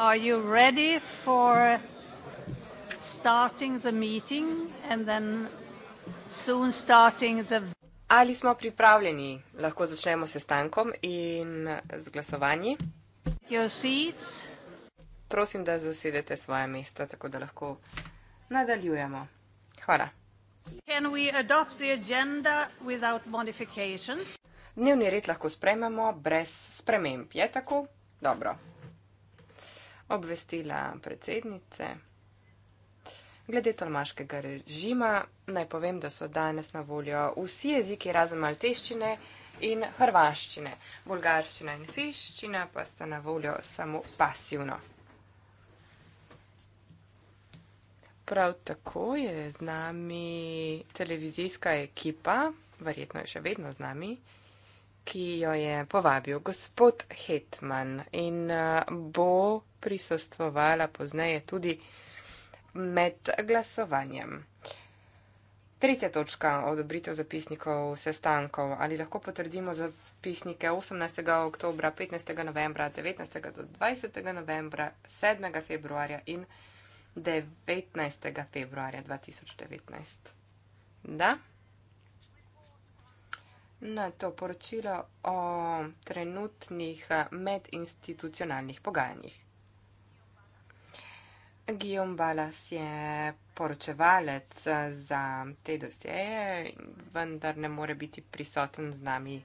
Are you ready for starting the meeting and then soon starting the... Ali smo pripravljeni? Lahko začnemo s stankom in z glasovanji. Your seats. Prosim, da zasedete svoje mesta, tako da lahko nadaljujemo. Hvala. Can we adopt the agenda without modifications? Dnevni red lahko sprememo brez sprememb. Je tako? Dobro obvestila predsednice. Glede tolmaškega režima naj povem, da so danes na voljo vsi jeziki razen malteščine in hrvaščine. Bulgarščina in fiščina pa sta na voljo samo pasivno. Prav tako je z nami televizijska ekipa, verjetno je še vedno z nami, ki jo je povabil gospod Hetman in eh, bo prisostvovala pozneje tudi med glasovanjem. Tretja točka odobritev zapisnikov sestankov. Ali lahko potrdimo zapisnike 18. oktobra, 15. novembra, 19. do 20. novembra, 7. februarja in 19. februarja 2019? Da? Na to poročilo o trenutnih eh, medinstitucionalnih pogajanjih. Guillaume Balas je poročevalec eh, za te dosjeje, vendar ne more biti prisoten z nami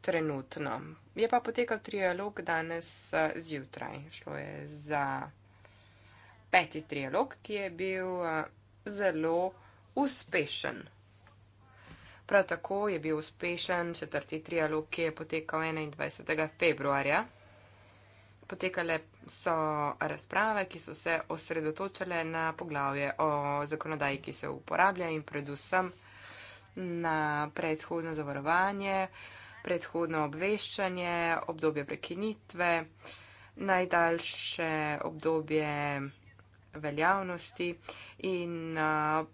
trenutno. Je pa potekal trialog danes eh, zjutraj. Šlo je za peti trialog, ki je bil eh, zelo uspešen. Prav tako je bil uspešen četrti trialog, ki je potekal 21. februarja. Potekale so razprave, ki so se osredotočile na poglavje o zakonodaji, ki se uporablja in predvsem na predhodno zavarovanje, predhodno obveščanje, obdobje prekinitve, najdaljše obdobje veljavnosti in uh,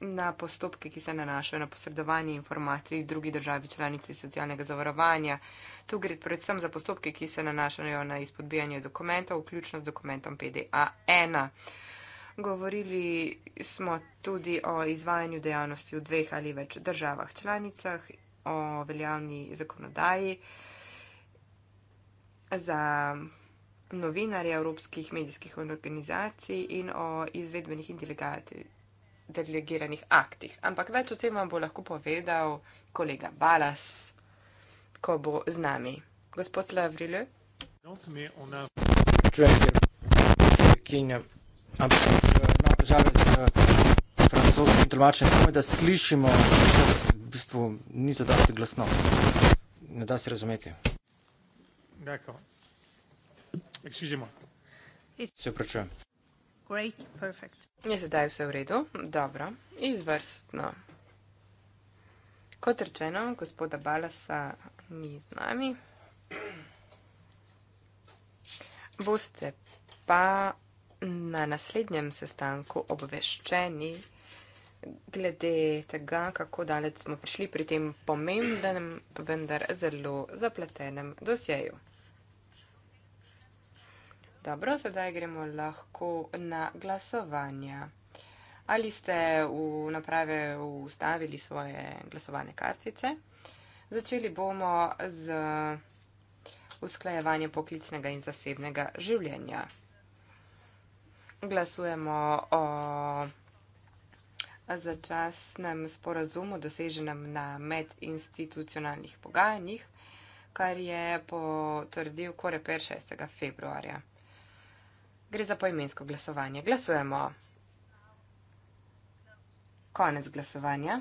na postopke, ki se nanašajo na posredovanje informacij drugi državi članici socialnega zavarovanja. Tu gre predvsem za postopke, ki se nanašajo na izpodbijanje dokumentov, vključno z dokumentom PDA-1. Govorili smo tudi o izvajanju dejavnosti v dveh ali več državah članicah, o veljavni zakonodaji za novinarje evropskih medijskih organizacij in o izvedbenih in delegatih delegiranih aktih. Ampak več o tem vam bo lahko povedal kolega Balas, ko bo z nami. Gospod Lavrile. Francoski in tolmačen, samo da slišimo, da v bistvu ni za dosti glasno. Ne da se razumeti. Dakle, se opravičujem. Great, perfect. Je sedaj vse v redu? Dobro, izvrstno. Kot rečeno, gospoda Balasa ni z nami. Boste pa na naslednjem sestanku obveščeni glede tega, kako daleč smo prišli pri tem pomembnem, vendar zelo zapletenem dosjeju. Dobro, sedaj gremo lahko na glasovanje. Ali ste v naprave ustavili svoje glasovane kartice? Začeli bomo z usklajevanjem poklicnega in zasebnega življenja. Glasujemo o začasnem sporazumu doseženem na medinstitucionalnih pogajanjih, kar je potrdil Koreper 6. februarja. Gre za poimensko glasovanje. Glasujemo. Konec glasovanja.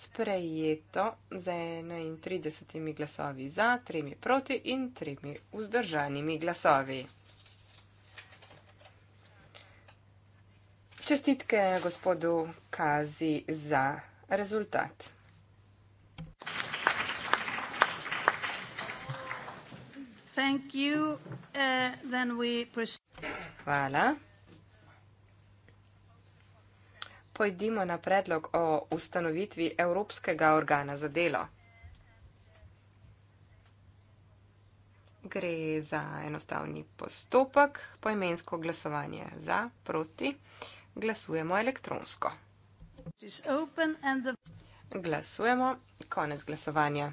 Sprejeto z 31 glasovi za, 3 proti in 3 vzdržanimi glasovi. Čestitke gospodu Kazi za rezultat. Thank you. Uh, then we Hvala. Pojdimo na predlog o ustanovitvi Evropskega organa za delo. Gre za enostavni postopek, poimensko glasovanje za, proti. Glasujemo elektronsko. Glasujemo. Konec glasovanja.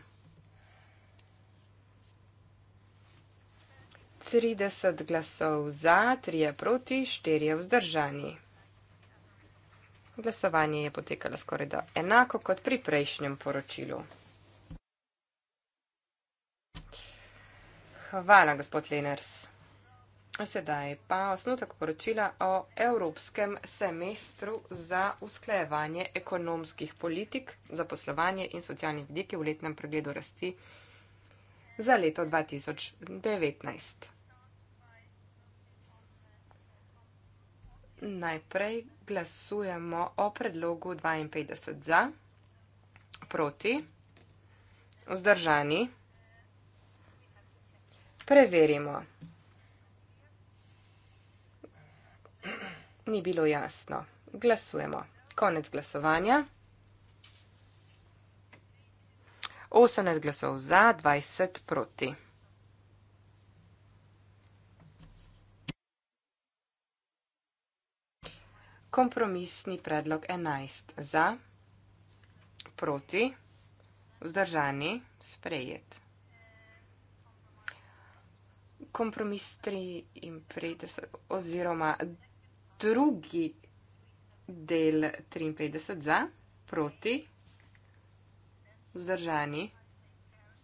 30 glasov za, 3 proti, 4 vzdržani. Glasovanje je potekalo skoraj da enako kot pri prejšnjem poročilu. Hvala, gospod Leners. Sedaj pa osnutek poročila o Evropskem semestru za usklejevanje ekonomskih politik za poslovanje in socialni vidiki v letnem pregledu rasti za leto 2019. najprej glasujemo o predlogu 52 za, proti, vzdržani. Preverimo. Ni bilo jasno. Glasujemo. Konec glasovanja. 18 glasov za, 20 proti. Kompromisni predlog 11. Za, proti, vzdržani, sprejet. Kompromis 3 in 50 oziroma drugi del 53 za, proti, vzdržani.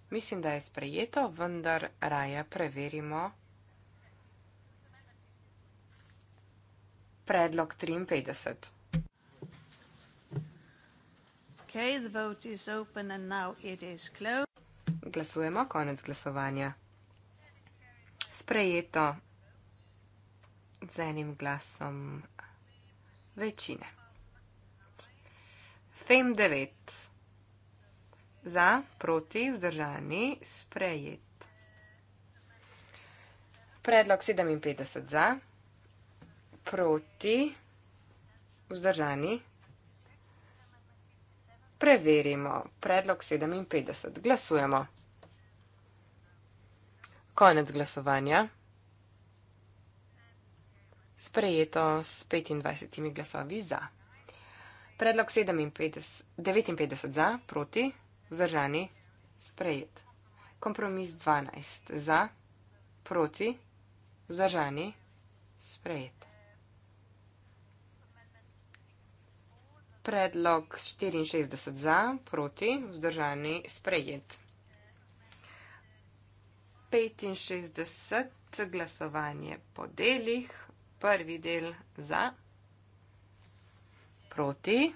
Mislim, da je sprejeto, vendar raje preverimo vzdržanje. predlog 53. Okay, the vote is open and now it is Glasujemo, konec glasovanja. Sprejeto z enim glasom večine. FEM 9. Za, proti, vzdržani, sprejet. Predlog 57 za proti, vzdržani. Preverimo. Predlog 57. Glasujemo. Konec glasovanja. Sprejeto s 25 glasovi za. Predlog 57, 59 za, proti, vzdržani, sprejet. Kompromis 12 za, proti, vzdržani, sprejet. predlog 64 za, proti, vzdržani, sprejet. 65 glasovanje po delih, prvi del za, proti,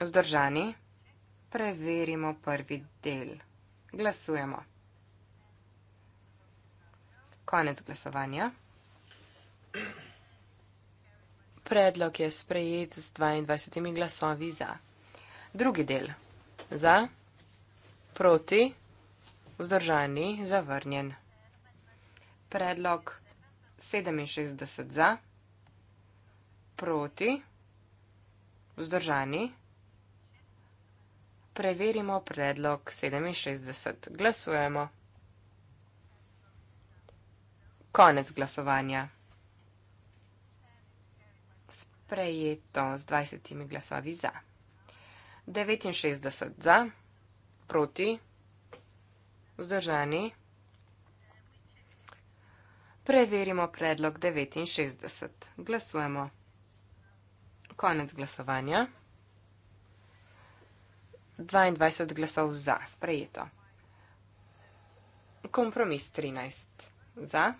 vzdržani, preverimo prvi del. Glasujemo. Konec glasovanja predlog je sprejet z 22 glasovi za. Drugi del. Za, proti, vzdržani, zavrnjen. Predlog 67 za, proti, vzdržani. Preverimo predlog 67. Glasujemo. Konec glasovanja prejeto z 20 glasovi za. 69 za, proti, vzdržani. Preverimo predlog 69. Glasujemo. Konec glasovanja. 22 glasov za, sprejeto. Kompromis 13 za,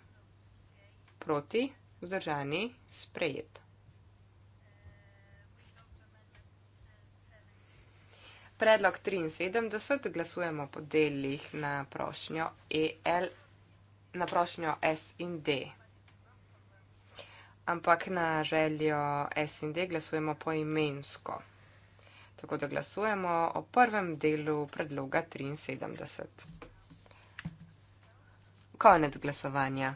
proti, vzdržani, sprejeto. Predlog 73 glasujemo po delih na prošnjo EL, na prošnjo S in D. Ampak na željo S in D glasujemo poimensko. Tako da glasujemo o prvem delu predloga 73. Konec glasovanja.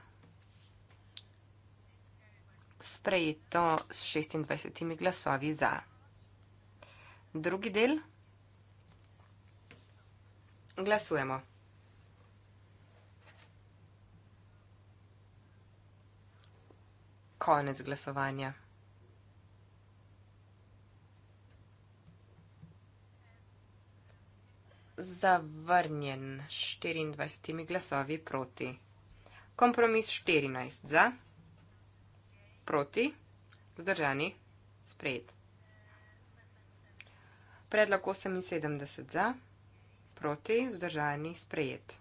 Sprejeto s 26 glasovi za. Drugi del. Glasujemo. Konec glasovanja. Zavrnjen 24 glasovi proti. Kompromis 14 za, proti, vzdržani, sprejet. Predlog 78 za proti, vzdržani, sprejet.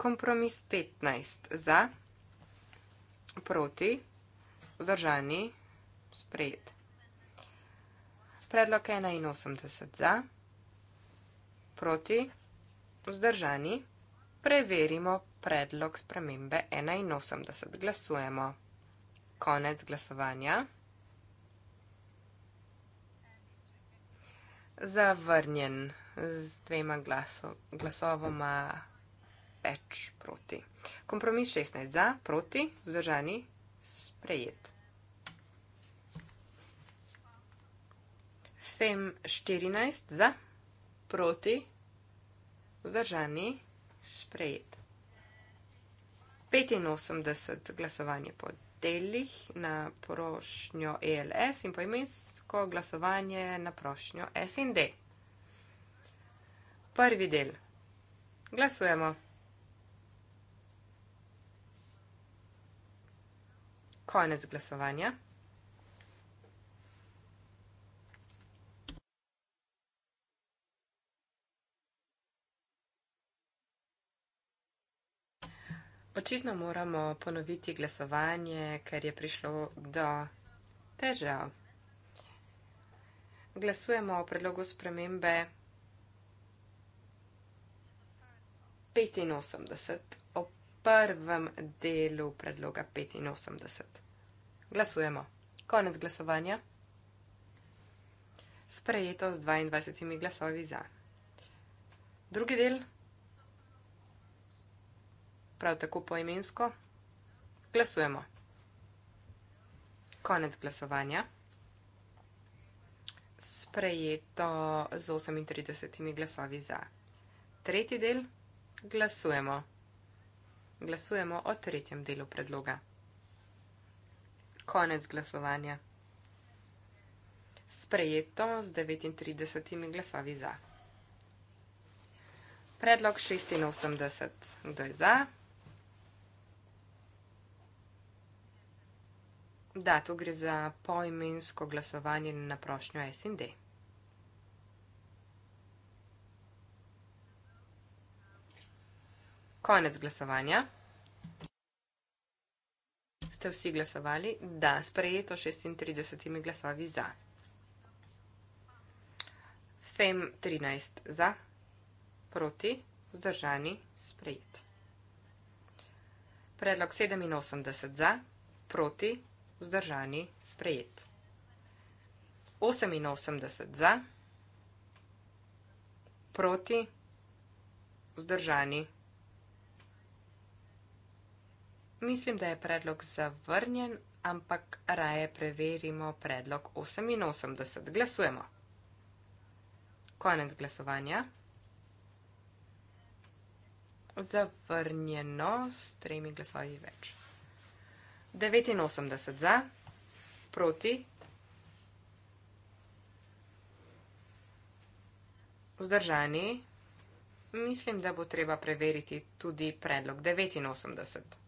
Kompromis 15 za, proti, vzdržani, sprejet. Predlog 81 za, proti, vzdržani, preverimo predlog spremembe 81. Glasujemo. Konec glasovanja. Zavrnjen z dvema glaso, glasovoma več proti. Kompromis 16 za, proti, vzdržani, sprejet. FEM 14 za, proti, vzdržani, sprejet. 85 glasovanje po delih na prošnjo ELS in poimensko glasovanje na prošnjo SND. Prvi del. Glasujemo. Konec glasovanja. Očitno moramo ponoviti glasovanje, ker je prišlo do težav. Glasujemo o predlogu spremembe 85, o prvem delu predloga 85. Glasujemo. Konec glasovanja. Sprejeto z 22 glasovi za. Drugi del, prav tako poimensko, glasujemo. Konec glasovanja. Sprejeto z 38 glasovi za. Tretji del. Glasujemo. Glasujemo o tretjem delu predloga. Konec glasovanja. Sprejeto z 39 glasovi za. Predlog 86. Kdo je za? Da, tu gre za poimensko glasovanje na prošnjo SND. Konec glasovanja. Ste vsi glasovali? Da, sprejeto 36 glasovi za. FEM 13 za, proti, vzdržani, sprejet. Predlog 87 za, proti, vzdržani, sprejet. 88 za, proti, vzdržani, sprejet. Mislim, da je predlog zavrnjen, ampak raje preverimo predlog 88. Glasujemo. Konec glasovanja. Zavrnjeno s tremi glasovi več. 89 za, proti, vzdržani. Mislim, da bo treba preveriti tudi predlog 89.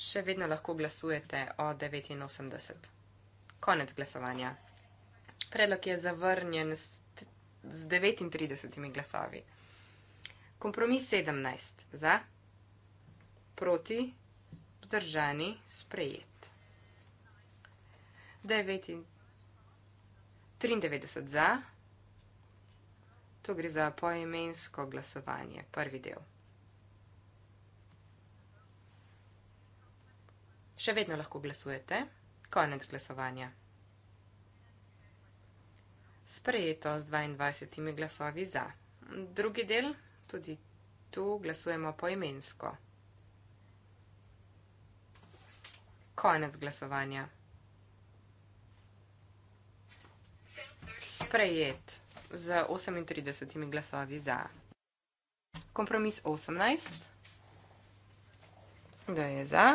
še vedno lahko glasujete o 89. Konec glasovanja. Predlog je zavrnjen s, s 39 glasovi. Kompromis 17 za, proti, vzdržani, sprejet. 9, 93 za, to gre za poimensko glasovanje, prvi del. Še vedno lahko glasujete. Konec glasovanja. Sprejeto z 22 glasovi za. Drugi del, tudi tu glasujemo poimensko. Konec glasovanja. Sprejet z 38 glasovi za. Kompromis 18. Da je za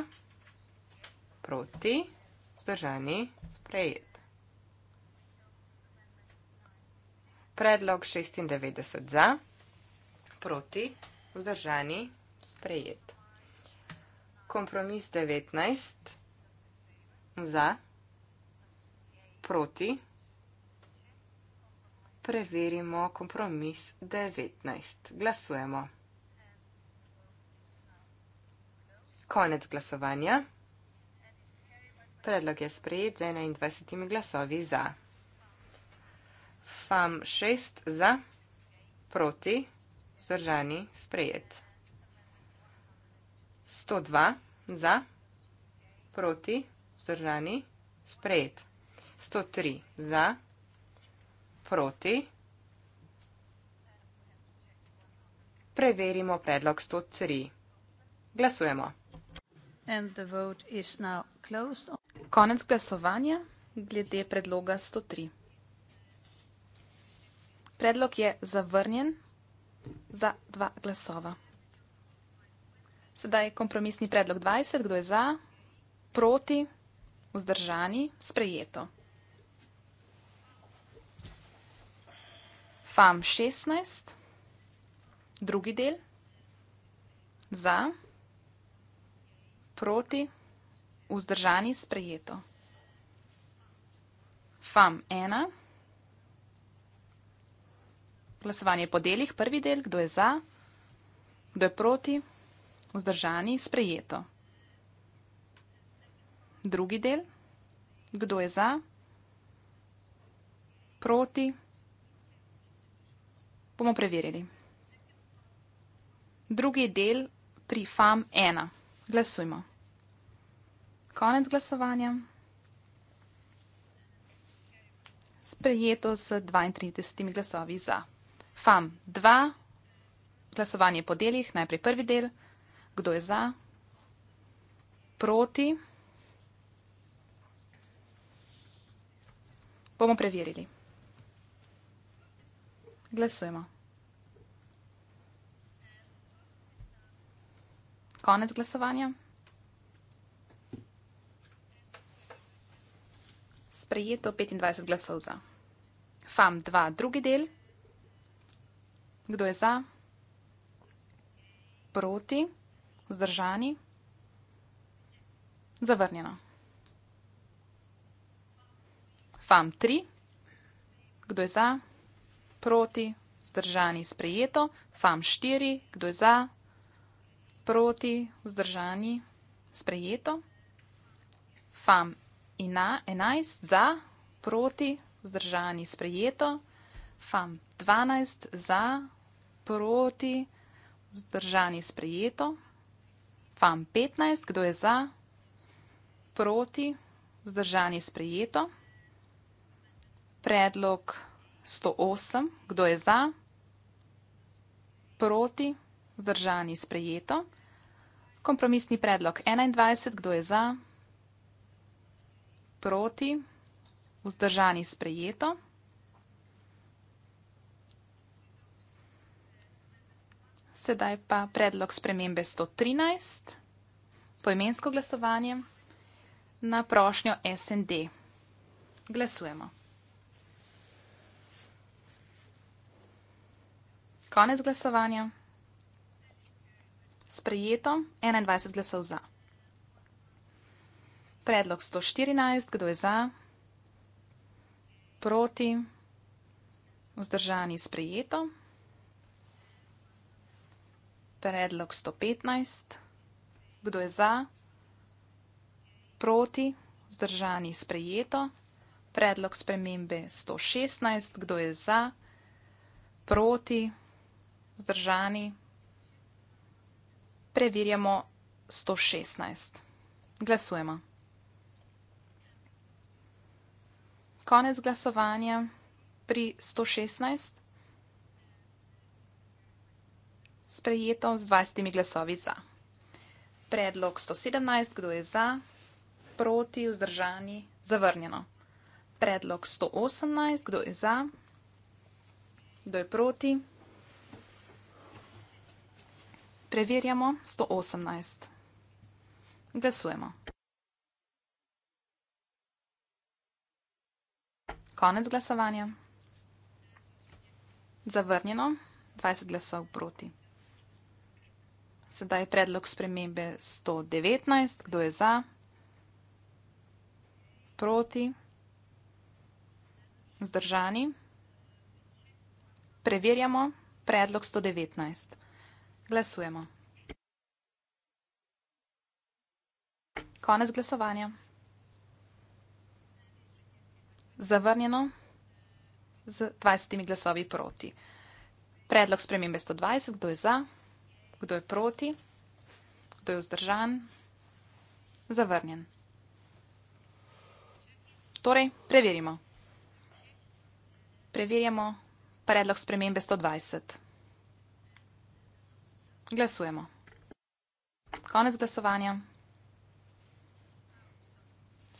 proti, vzdržani, sprejet. Predlog 96 za, proti, vzdržani, sprejet. Kompromis 19 za, proti. Preverimo kompromis 19. Glasujemo. Konec glasovanja. Predlog je sprejet z 21 glasovi za. FAM 6 za, proti, vzdržani, sprejet. 102 za, proti, vzdržani, sprejet. 103 za, proti. Preverimo predlog 103. Glasujemo. And the vote is now closed. Konec glasovanja glede predloga 103. Predlog je zavrnjen za dva glasova. Sedaj je kompromisni predlog 20. Kdo je za? Proti? Vzdržani? Sprejeto. FAM 16. Drugi del. Za? Proti? Vzdržani? vzdržani sprejeto. FAM ena. Glasovanje po delih, prvi del, kdo je za, kdo je proti, vzdržani, sprejeto. Drugi del, kdo je za, proti, bomo preverili. Drugi del pri FAM ena. Glasujmo konec glasovanja. Sprejeto s 32 glasovi za. FAM 2, glasovanje po delih, najprej prvi del, kdo je za, proti. Bomo preverili. Glasujemo. Konec glasovanja. sprejeto 25 glasov za. FAM 2, drugi del. Kdo je za? Proti? Vzdržani? Zavrnjeno. FAM 3. Kdo je za? Proti? Vzdržani? Sprejeto. FAM 4. Kdo je za? Proti? Vzdržani? Sprejeto. FAM ena, enajst za, proti, vzdržani, sprejeto. Fam, dvanajst za, proti, vzdržani, sprejeto. Fam, petnajst, kdo je za, proti, vzdržani, sprejeto. Predlog sto osem, kdo je za, proti, vzdržani, sprejeto. Kompromisni predlog 21, kdo je za? proti, vzdržani sprejeto. Sedaj pa predlog spremembe 113, poimensko glasovanje na prošnjo SND. Glasujemo. Konec glasovanja. Sprejeto. 21 glasov za. Predlog 114, kdo je za? Proti? Vzdržani sprejeto. Predlog 115, kdo je za? Proti? Vzdržani sprejeto. Predlog spremembe 116, kdo je za? Proti? Vzdržani? Preverjamo 116. Glasujemo. konec glasovanja pri 116. Sprejeto z 20 glasovi za. Predlog 117, kdo je za, proti, vzdržani, zavrnjeno. Predlog 118, kdo je za, kdo je proti. Preverjamo 118. Glasujemo. Konec glasovanja. Zavrnjeno. 20 glasov proti. Sedaj je predlog spremembe 119. Kdo je za? Proti. Zdržani. Preverjamo predlog 119. Glasujemo. Konec glasovanja zavrnjeno z 20 glasovi proti. Predlog spremembe 120, kdo je za, kdo je proti, kdo je vzdržan, zavrnjen. Torej, preverimo. Preverjamo predlog spremembe 120. Glasujemo. Konec glasovanja.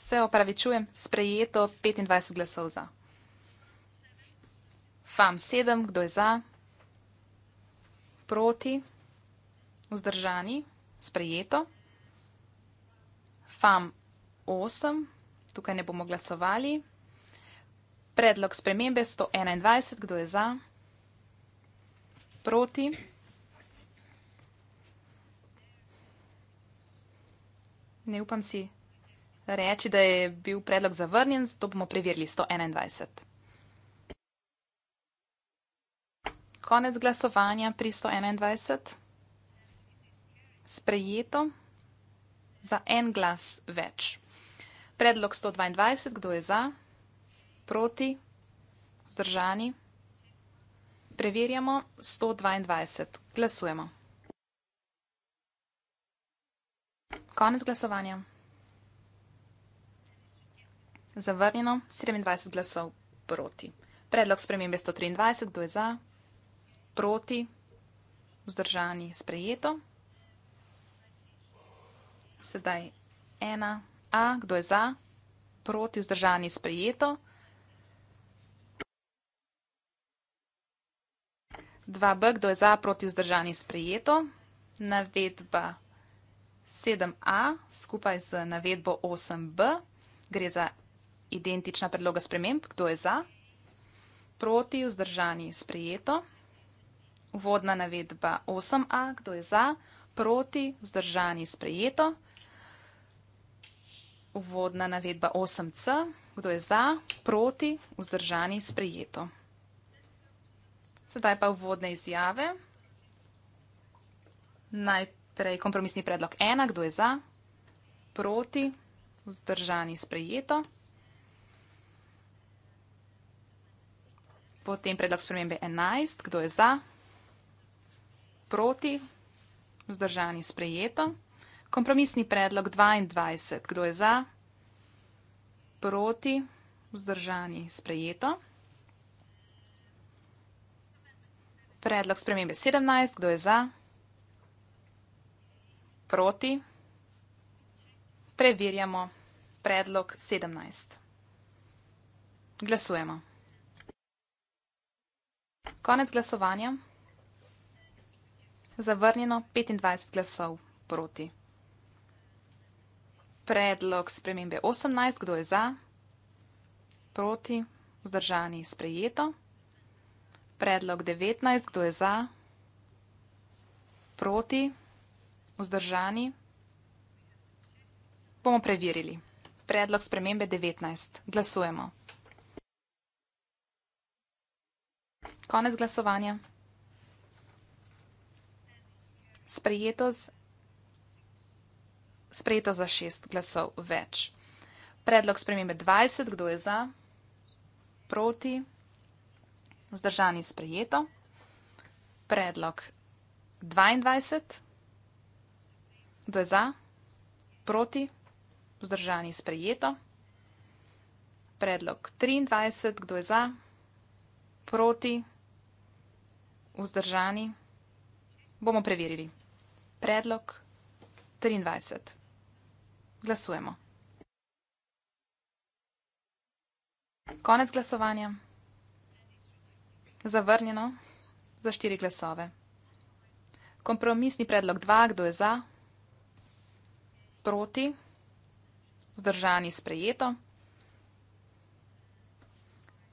Se opravičujem, sprejeto 25 glasov za. FAM 7, kdo je za? Proti? Vzdržani? Sprejeto. FAM 8, tukaj ne bomo glasovali. Predlog spremembe 121, kdo je za? Proti? Ne upam si reči, da je bil predlog zavrnjen, to bomo preverili 121. Konec glasovanja pri 121. Sprejeto za en glas več. Predlog 122, kdo je za, proti, vzdržani. Preverjamo 122. Glasujemo. Konec glasovanja. Zavrnjeno, 27 glasov proti. Predlog spremembe 123, kdo je za? Proti, vzdržani, sprejeto. Sedaj ena, a, kdo je za? Proti, vzdržani, sprejeto. Dva b, kdo je za? Proti, vzdržani, sprejeto. Navedba 7a skupaj z navedbo 8b gre za identična predloga sprememb. Kdo je za? Proti, vzdržani, sprejeto. Uvodna navedba 8a. Kdo je za? Proti, vzdržani, sprejeto. Uvodna navedba 8c. Kdo je za? Proti, vzdržani, sprejeto. Sedaj pa uvodne izjave. Najprej kompromisni predlog 1. Kdo je za? Proti, vzdržani, sprejeto. Potem predlog spremembe 11. Kdo je za? Proti? Vzdržani sprejeto. Kompromisni predlog 22. Kdo je za? Proti? Vzdržani sprejeto. Predlog spremembe 17. Kdo je za? Proti? Preverjamo predlog 17. Glasujemo. Konec glasovanja. Zavrnjeno 25 glasov proti. Predlog spremembe 18, kdo je za? Proti, vzdržani, sprejeto. Predlog 19, kdo je za? Proti, vzdržani. Bomo preverili. Predlog spremembe 19. Glasujemo. Konec glasovanja. Sprejeto z, sprejeto za šest glasov več. Predlog spremembe 20, kdo je za, proti, vzdržani sprejeto. Predlog 22, kdo je za, proti, vzdržani sprejeto. Predlog 23, kdo je za, proti, vzdržani sprejeto vzdržani? Bomo preverili. Predlog 23. Glasujemo. Konec glasovanja. Zavrnjeno za štiri glasove. Kompromisni predlog 2. Kdo je za? Proti? Vzdržani sprejeto.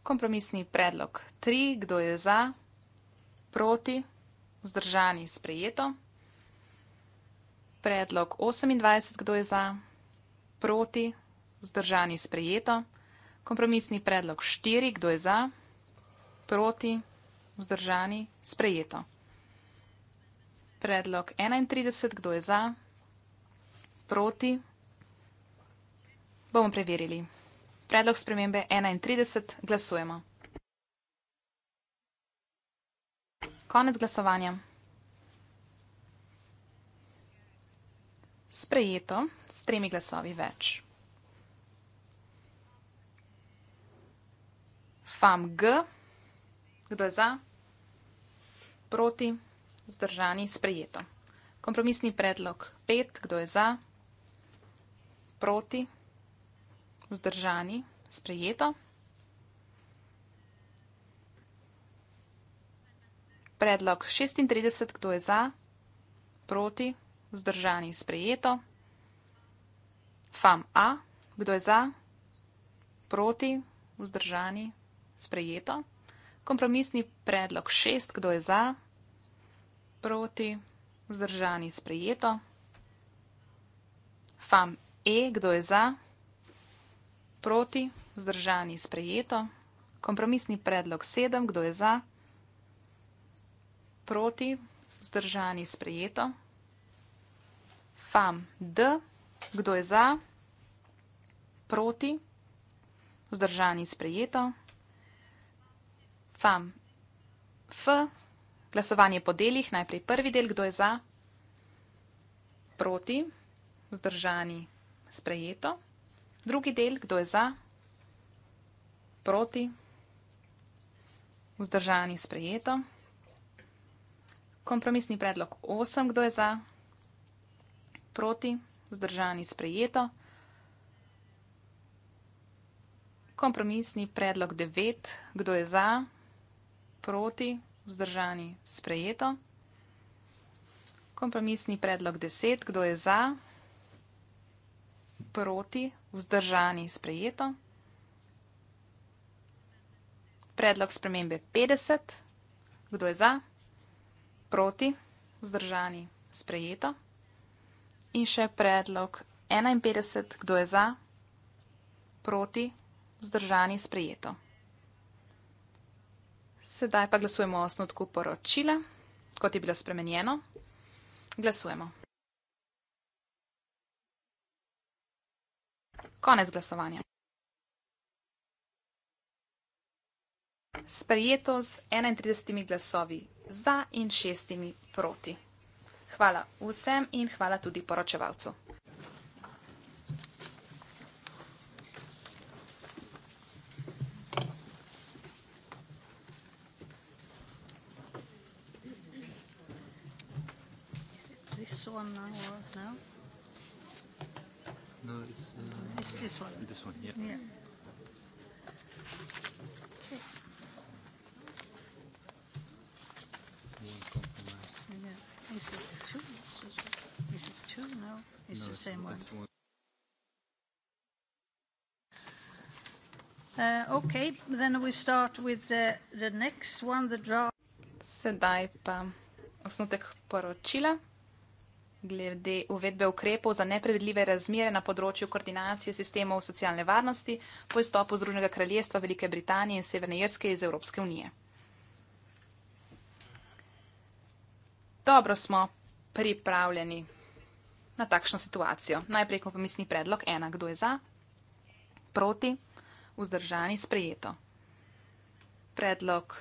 Kompromisni predlog 3. Kdo je za? proti, vzdržani, sprejeto. Predlog 28, kdo je za, proti, vzdržani, sprejeto. Kompromisni predlog 4, kdo je za, proti, vzdržani, sprejeto. Predlog 31, kdo je za, proti, bomo preverili. Predlog spremembe 31, glasujemo. Konec glasovanja. Sprejeto s tremi glasovi več. Fam G. Kdo je za? Proti? Zdržani? Sprejeto. Kompromisni predlog 5. Kdo je za? Proti? Vzdržani? Sprejeto. Predlog 36, kdo je za? Proti, vzdržani, sprejeto. Fam A, kdo je za? Proti, vzdržani, sprejeto. Kompromisni predlog 6, kdo je za? Proti, vzdržani, sprejeto. Fam E, kdo je za? Proti, vzdržani, sprejeto. Kompromisni predlog 7, kdo je za? proti, vzdržani sprejeto. Fam D, kdo je za, proti, vzdržani sprejeto. Fam F, glasovanje po delih, najprej prvi del, kdo je za, proti, vzdržani sprejeto. Drugi del, kdo je za, proti, vzdržani sprejeto. Kompromisni predlog 8, kdo je za? Proti, vzdržani sprejeto. Kompromisni predlog 9, kdo je za? Proti, vzdržani sprejeto. Kompromisni predlog 10, kdo je za? Proti, vzdržani sprejeto. Predlog spremembe 50, kdo je za? proti, vzdržani, sprejeto. In še predlog 51, kdo je za, proti, vzdržani, sprejeto. Sedaj pa glasujemo o osnutku poročila, kot je bilo spremenjeno. Glasujemo. Konec glasovanja. Sprejeto z 31 glasovi za in šestimi proti. Hvala vsem in hvala tudi poročevalcu. This one now or now? No, it's uh, this one. This one, yeah. yeah. framework. Uh, okay, then we start with the next one, the draft. Sedaj pa osnutek poročila. Glede uvedbe ukrepov za nepredvidljive razmere na področju koordinacije sistemov socialne varnosti po izstopu Združenega kraljestva Velike Britanije in Severne Irske iz Evropske unije. Dobro smo pripravljeni na takšno situacijo. Najprej kompromisni predlog, ena, kdo je za, proti, vzdržani, sprejeto. Predlog.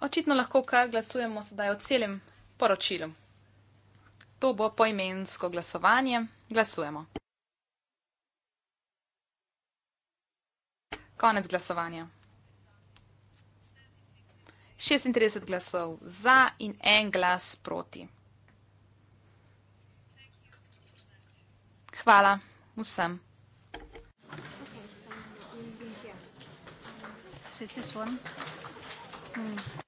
Očitno lahko kar glasujemo sedaj o celem poročilu. To bo poimensko glasovanje. Glasujemo. Konec glasovanja. 36 glasov za in en glas proti. Hvala vsem. Okay, so, hmm.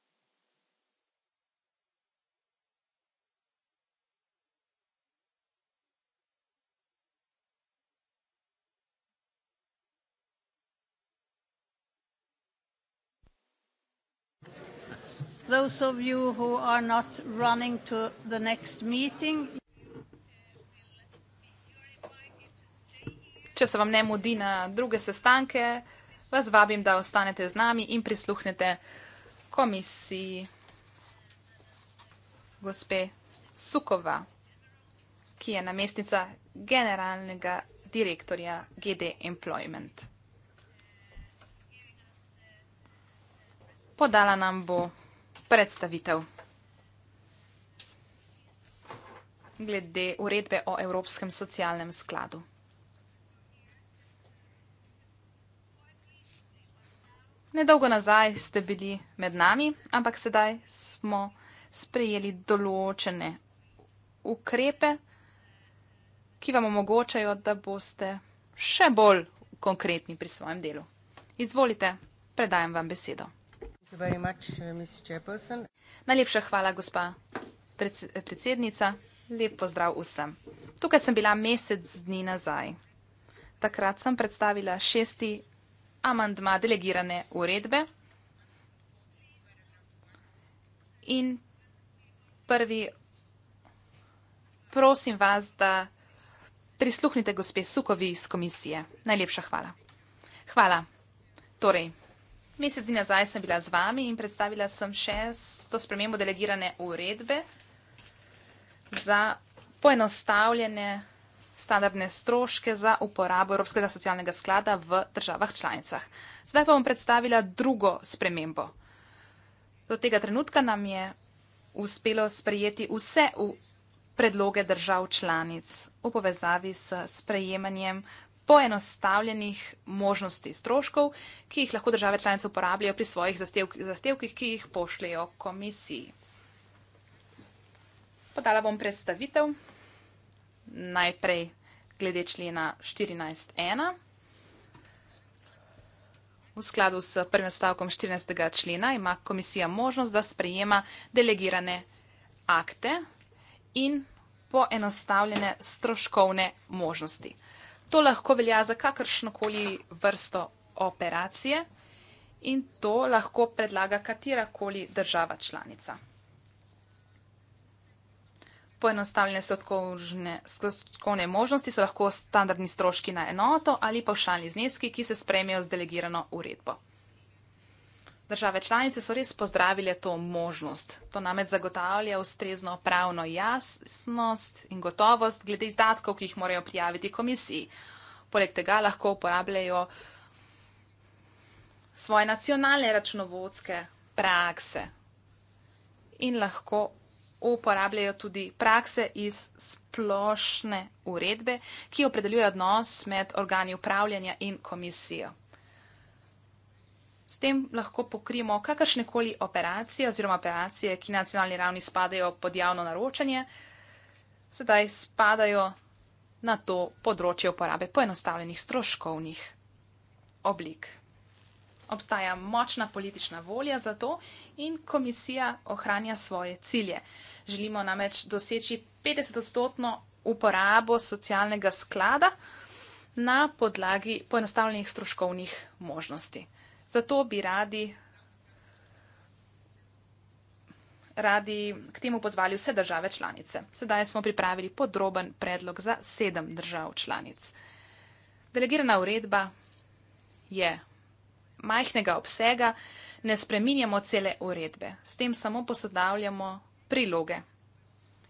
Those of you who are not running to the next meeting. Če se vam ne mudi na druge sestanke, vas vabim, da ostanete z nami in prisluhnete komisiji gospe Sukova, ki je namestnica generalnega direktorja GD Employment. Podala nam bo predstavitev. Glede uredbe o Evropskem socialnem skladu. Nedolgo nazaj ste bili med nami, ampak sedaj smo sprejeli določene ukrepe, ki vam omogočajo, da boste še bolj konkretni pri svojem delu. Izvolite, predajam vam besedo. Uh, Najlepša hvala, gospa predsednica. Lep pozdrav vsem. Tukaj sem bila mesec dni nazaj. Takrat sem predstavila šesti amandma delegirane uredbe in prvi prosim vas, da prisluhnite gospe Sukovi iz komisije. Najlepša hvala. Hvala. Torej. Mesec dni nazaj sem bila z vami in predstavila sem še to spremembo delegirane uredbe za poenostavljene standardne stroške za uporabo Evropskega socialnega sklada v državah članicah. Zdaj pa bom predstavila drugo spremembo. Do tega trenutka nam je uspelo sprejeti vse v predloge držav članic v povezavi s sprejemanjem poenostavljenih možnosti stroškov, ki jih lahko države članice uporabljajo pri svojih zahtevkih, ki jih pošljejo komisiji. Podala bom predstavitev najprej glede člena 14.1. V skladu s prvim stavkom 14. člena ima komisija možnost, da sprejema delegirane akte in poenostavljene stroškovne možnosti. To lahko velja za kakršnokoli vrsto operacije in to lahko predlaga katerakoli država članica. Poenostavljene stroškovne možnosti so lahko standardni stroški na enoto ali pa všalni zneski, ki se spremijo z delegirano uredbo. Države članice so res pozdravile to možnost. To namreč zagotavlja ustrezno pravno jasnost in gotovost glede izdatkov, ki jih morajo prijaviti komisiji. Poleg tega lahko uporabljajo svoje nacionalne računovodske prakse in lahko uporabljajo tudi prakse iz splošne uredbe, ki opredeljuje odnos med organi upravljanja in komisijo. S tem lahko pokrijemo kakršne koli operacije oziroma operacije, ki na nacionalni ravni spadajo pod javno naročanje, sedaj spadajo na to področje uporabe poenostavljenih stroškovnih oblik. Obstaja močna politična volja za to in komisija ohranja svoje cilje. Želimo namreč doseči 50-odstotno uporabo socialnega sklada na podlagi poenostavljenih stroškovnih možnosti. Zato bi radi, radi k temu pozvali vse države članice. Sedaj smo pripravili podroben predlog za sedem držav članic. Delegirana uredba je majhnega obsega, ne spreminjamo cele uredbe, s tem samo posodavljamo priloge.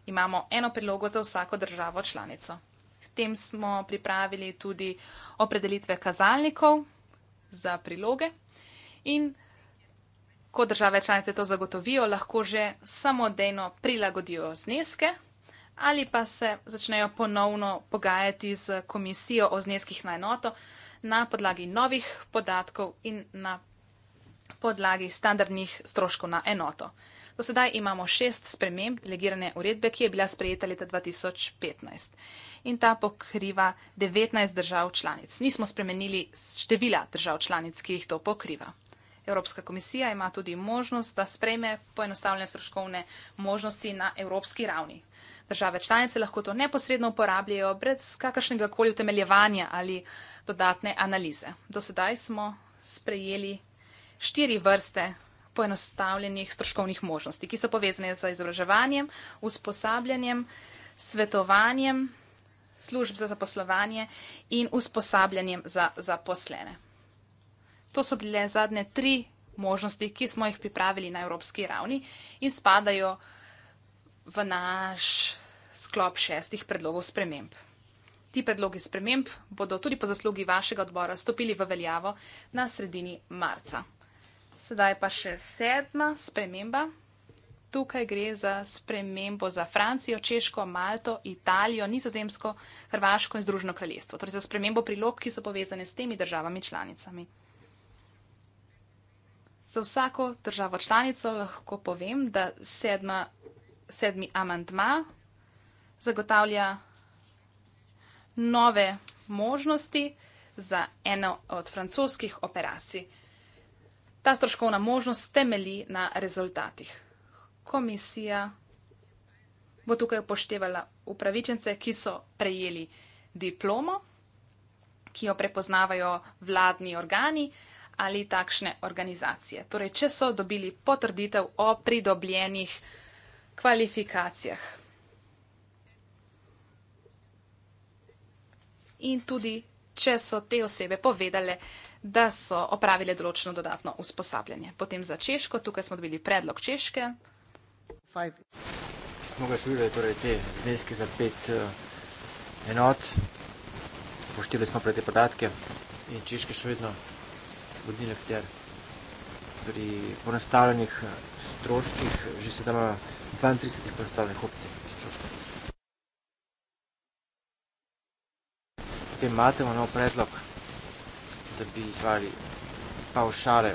Imamo eno prilogo za vsako državo članico. K tem smo pripravili tudi opredelitve kazalnikov za priloge in ko države članice to zagotovijo, lahko že samodejno prilagodijo zneske ali pa se začnejo ponovno pogajati z komisijo o zneskih na enoto na podlagi novih podatkov in na podlagi standardnih stroškov na enoto. Do sedaj imamo šest sprememb delegirane uredbe, ki je bila sprejeta leta 2015 in ta pokriva 19 držav članic. Nismo spremenili števila držav članic, ki jih to pokriva. Evropska komisija ima tudi možnost, da sprejme poenostavljene stroškovne možnosti na evropski ravni. Države članice lahko to neposredno uporabljajo brez kakršnega koli utemeljevanja ali dodatne analize. Do sedaj smo sprejeli štiri vrste poenostavljenih stroškovnih možnosti, ki so povezane z izobraževanjem, usposabljanjem, svetovanjem, služb za zaposlovanje in usposabljanjem za zaposlene. To so bile zadnje tri možnosti, ki smo jih pripravili na evropski ravni in spadajo v naš sklop šestih predlogov sprememb. Ti predlogi sprememb bodo tudi po zaslugi vašega odbora stopili v veljavo na sredini marca. Sedaj pa še sedma sprememba. Tukaj gre za spremembo za Francijo, Češko, Malto, Italijo, Nizozemsko, Hrvaško in Združeno kraljestvo. Torej za spremembo prilog, ki so povezane s temi državami članicami. Za vsako državo članico lahko povem, da sedma, sedmi amantma zagotavlja nove možnosti za eno od francoskih operacij. Ta stroškovna možnost temeli na rezultatih. Komisija bo tukaj upoštevala upravičence, ki so prejeli diplomo, ki jo prepoznavajo vladni organi ali takšne organizacije. Torej, če so dobili potrditev o pridobljenih kvalifikacijah. In tudi, če so te osebe povedale, da so opravile določeno dodatno usposabljanje. Potem za Češko, tukaj smo dobili predlog Češke. Five. Smo ga šli, torej te zneske za pet uh, enot, poštili smo pred te podatke in Češke še vedno gospodin Lehter, pri ponastavljenih eh, stroških, že se dava 32 ponastavljenih opcij stroška. Potem imate nov predlog, da bi izvali paušale,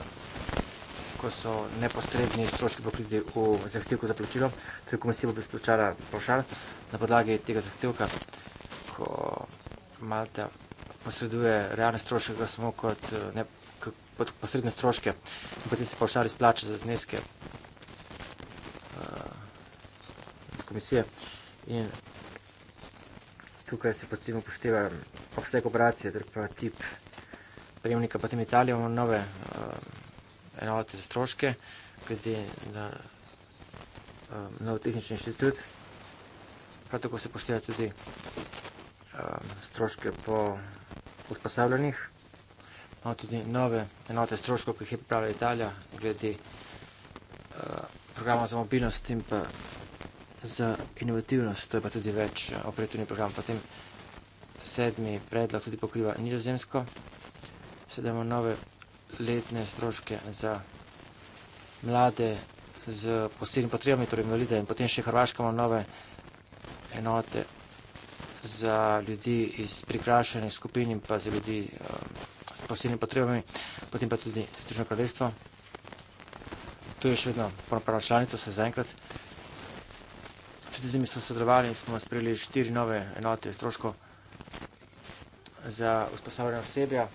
ko so neposredni stroški pokriti v zahtevku za plačilo, torej komisija bo bi splačala paušal na podlagi tega zahtevka, ko Malta posreduje realne stroške, ga samo kot eh, ne, posredne stroške, potem se pa všali splača za zneske eh, komisije. In tukaj se potem upošteva obseg operacije, tako pa tip prejemnika, potem Italija imamo nove eh, enote za stroške, glede na eh, nov tehnični inštitut. Prav tako se upošteva tudi stroške po usposabljanjih imamo tudi nove enote stroškov, ki jih je pripravila Italija, glede eh, programa za mobilnost in pa za inovativnost, to je pa tudi več eh, operativni program. Potem sedmi predlog tudi pokriva nizozemsko, sedaj imamo nove letne stroške za mlade z posebnimi potrebami, torej invalide in potem še Hrvaška imamo nove enote za ljudi iz prikrašenih skupin in pa za ljudi eh, posebnimi potrebami, potem pa tudi Združeno kraljestvo. To je še vedno polnopravna članica, vse zaenkrat. Tudi z njimi smo sodelovali in smo sprejeli štiri nove enote stroško za usposabljanje osebja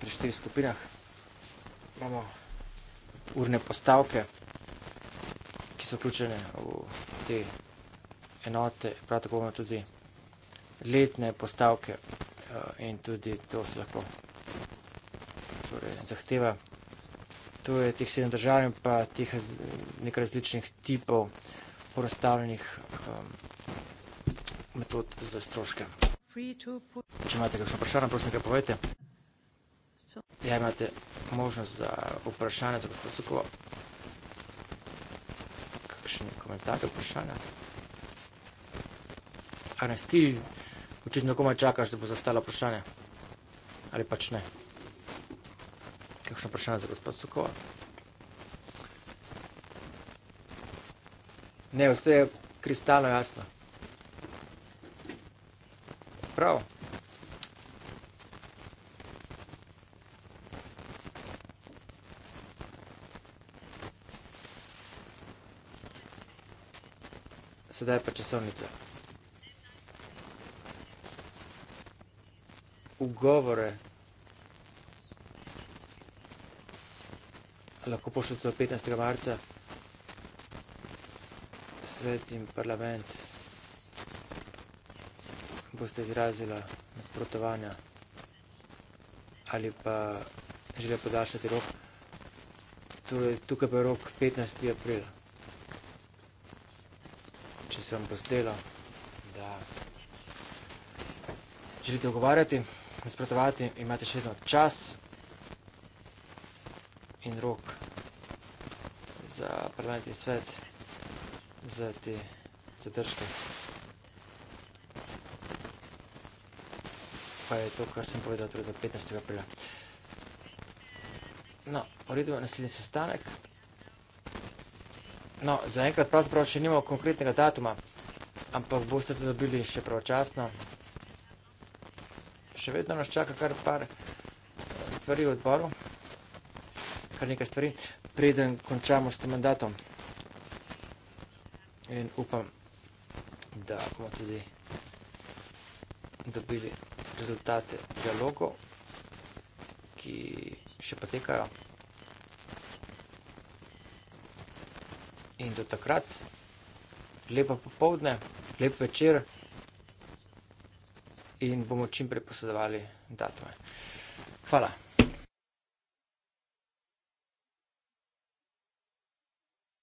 pri štirih skupinah. Imamo urne postavke, ki so vključene v te enote, prav tako imamo tudi letne postavke Eh, in tudi to se lahko torej, zahteva. Tu je teh sedem držav in pa teh nekaj različnih tipov porastavljenih um, ehm, metod za stroške. Če imate kakšno vprašanje, prosim, kaj povejte. Ja, imate možnost za vprašanje za gospod Sukovo. Kakšni komentarji vprašanja? Kaj nas ti? Očitno komaj čakaš, da bo zastala vprašanja. Ali pač ne. Kakšno vprašanje za gospod Sokova? Ne, vse je kristalno jasno. Prav. Sedaj pa časovnica. ugovore. Lahko pošljete 15. marca svet in parlament, boste izrazila nasprotovanja ali pa želijo podaljšati rok. Torej, tukaj pa je rok 15. aprila. Če se vam postelo, da želite ogovarjati nasprotovati, imate še vedno čas in rok za parlamentni svet, za te zadržke. Pa je to, kar sem povedal tudi torej do 15. aprila. No, uredimo naslednji sestanek. No, zaenkrat pravzaprav še nimamo konkretnega datuma, ampak boste to dobili še pravočasno še vedno nas čaka kar par eh, stvari v odboru, kar nekaj stvari, preden končamo s tem mandatom. In upam, da bomo tudi dobili rezultate dialogov, ki še potekajo. In do takrat, lepo popovdne, lep večer in bomo čim prej posedovali datume. Hvala.